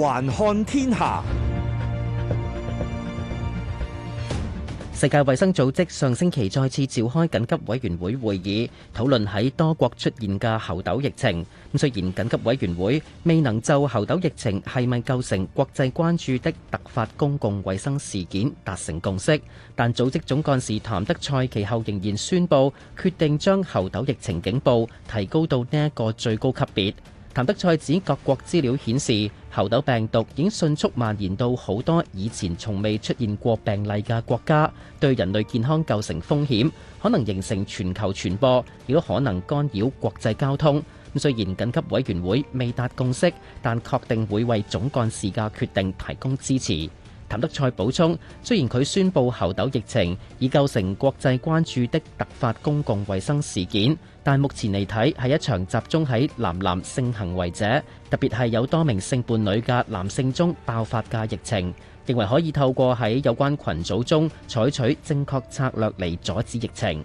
環看天下，世界衛生組織上星期再次召開緊急委員會會議，討論喺多國出現嘅猴痘疫情。咁雖然緊急委員會未能就猴痘疫情係咪構成國際關注的突發公共衛生事件達成共識，但組織總幹事譚德塞其後仍然宣布，決定將猴痘疫情警報提高到呢一個最高級別。譚德塞指各國資料顯示，猴痘病毒已經迅速蔓延到很多以前從未出現過病例的國家，對人類健康構成風險，可能形成全球傳播，也可能干擾國際交通。雖然緊急委員會未達共識，但確定會為總幹事嘅決定提供支持。譚德塞補充，雖然他宣布猴痘疫情已構成國際關注的突發公共衛生事件。但目前嚟睇，係一場集中喺男男性行為者，特別係有多名性伴侶嘅男性中爆發嘅疫情。認為可以透過喺有關羣組中採取正確策略嚟阻止疫情。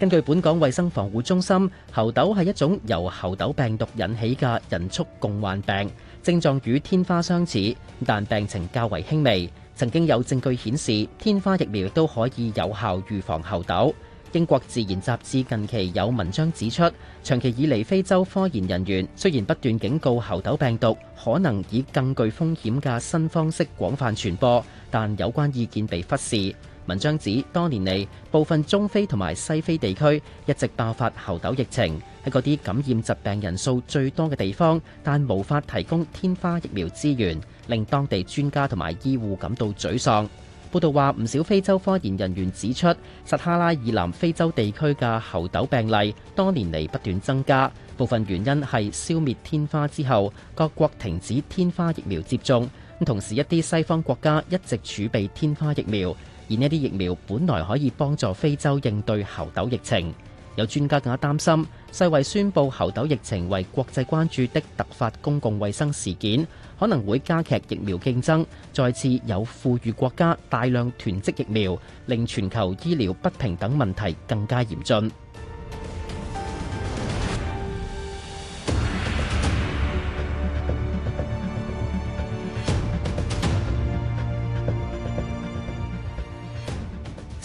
根據本港衛生防護中心，猴痘係一種由猴痘病毒引起嘅人畜共患病。症狀與天花相似，但病情較為輕微。曾經有證據顯示，天花疫苗都可以有效預防猴痘。英國《自然》雜誌近期有文章指出，長期以嚟非洲科研人員雖然不斷警告猴痘病毒可能以更具風險嘅新方式廣泛傳播，但有關意見被忽視。文章指，多年嚟部分中非同埋西非地區一直爆發猴痘疫情，喺嗰啲感染疾病人數最多嘅地方，但無法提供天花疫苗資源，令當地專家同埋醫護感到沮喪。報道話，唔少非洲科研人員指出，撒哈拉以南非洲地區嘅猴痘病例多年嚟不斷增加，部分原因係消滅天花之後，各國停止天花疫苗接種，同時一啲西方國家一直儲備天花疫苗。而呢啲疫苗本來可以幫助非洲應對猴痘疫情，有專家更加擔心世衛宣布猴痘疫情為國際關注的突發公共衛生事件，可能會加劇疫苗競爭，再次有富裕國家大量囤積疫苗，令全球醫療不平等問題更加嚴峻。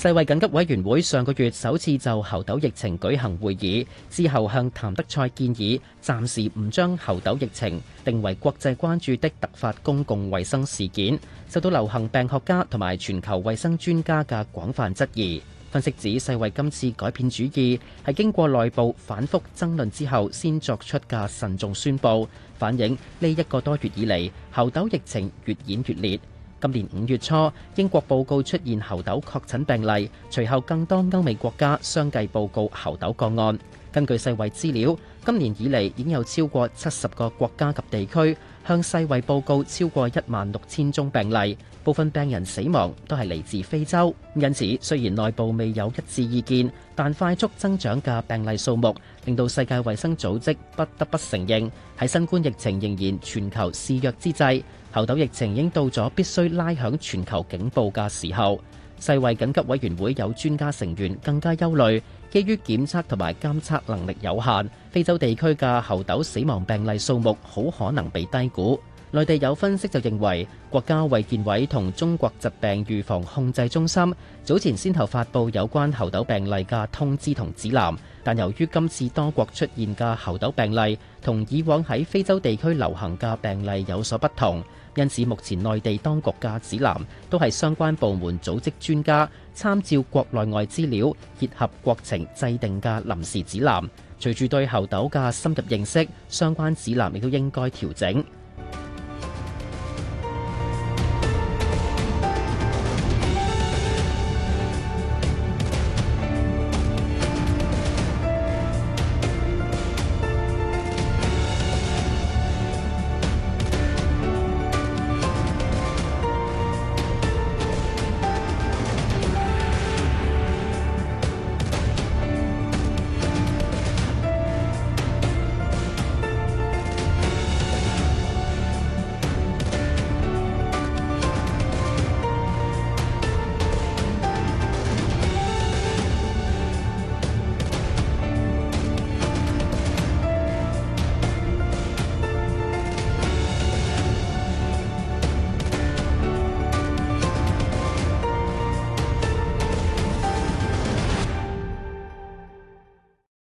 世衛緊急委員會上個月首次就猴痘疫情舉行會議之後，向譚德塞建議暫時唔將猴痘疫情定為國際關注的突發公共衛生事件，受到流行病學家同埋全球衛生專家嘅廣泛質疑。分析指世衛今次改變主意係經過內部反覆爭論之後先作出嘅慎重宣布，反映呢一個多月以嚟猴痘疫情越演越烈。今年五月初，英國報告出現猴痘確診病例，隨後更多歐美國家相繼報告猴痘個案。根據世衛資料，今年以來已經有超過七十個國家及地區向世衛報告超過一萬六千宗病例，部分病人死亡都是嚟自非洲。因此雖然內部未有一致意見，但快速增長的病例數目令到世界衛生組織不得不承認，在新冠疫情仍然全球肆虐之際，猴痘疫情已經到了必須拉響全球警報的時候。世衛緊急委員會有專家成員更加憂慮，基於檢測同埋監測能力有限，非洲地區嘅猴痘死亡病例數目好可能被低估。內地有分析就認為，國家衛健委同中國疾病預防控制中心早前先後發布有關猴痘病例嘅通知同指南，但由於今次多國出現嘅猴痘病例同以往喺非洲地區流行嘅病例有所不同，因此目前內地當局嘅指南都係相關部門組織專家參照國內外資料，結合國情制定嘅臨時指南。隨住對猴痘嘅深入認識，相關指南亦都應該調整。